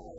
Thank you.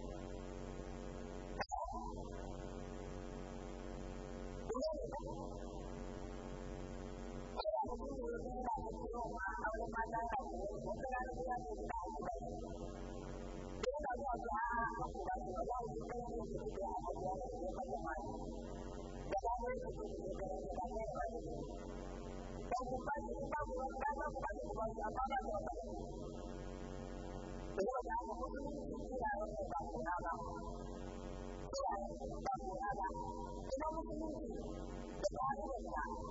大家帮忙点个要找我微信，不然我看不到。不然，加我，不然，加我微不然，不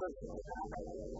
person.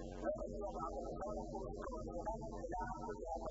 I'm going to go to the hospital.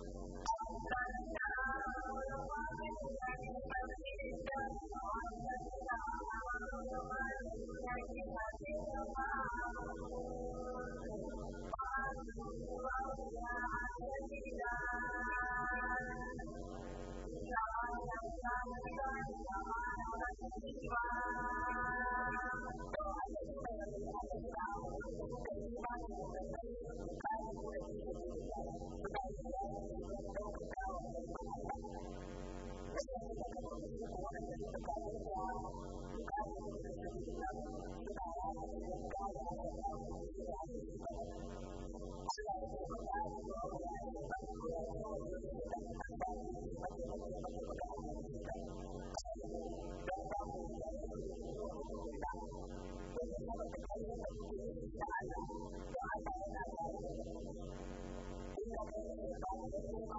I'm going to go to the hospital.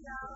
Yeah.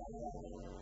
あ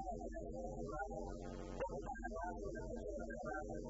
I'm going to go to the next slide.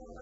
Thank you.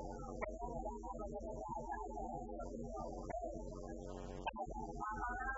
Thank you.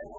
Thank you.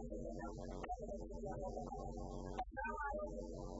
I'm going to go to the next one. I'm going to go to the next one. I'm going to go to the next one.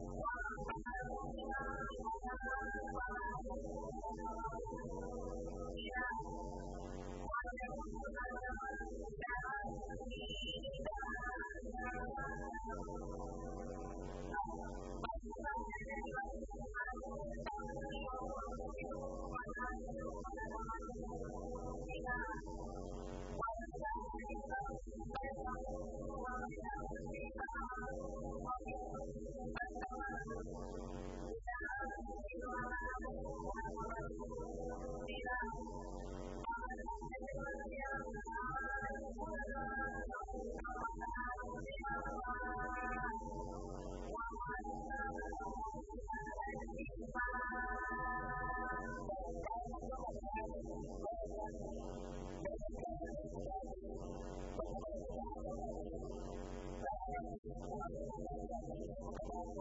Thank you.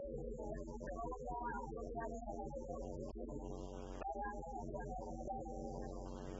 Thank you.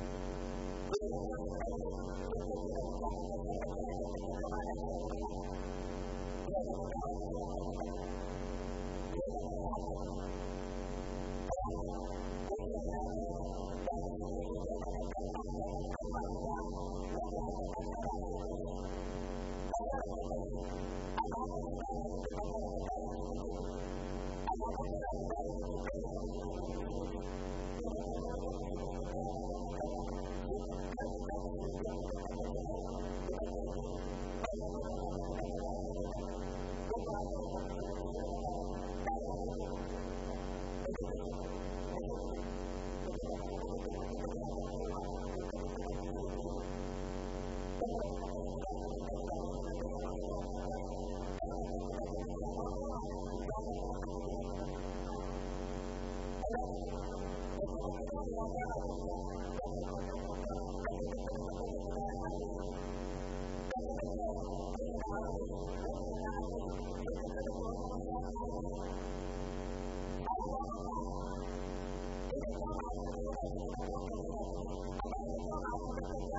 どうも。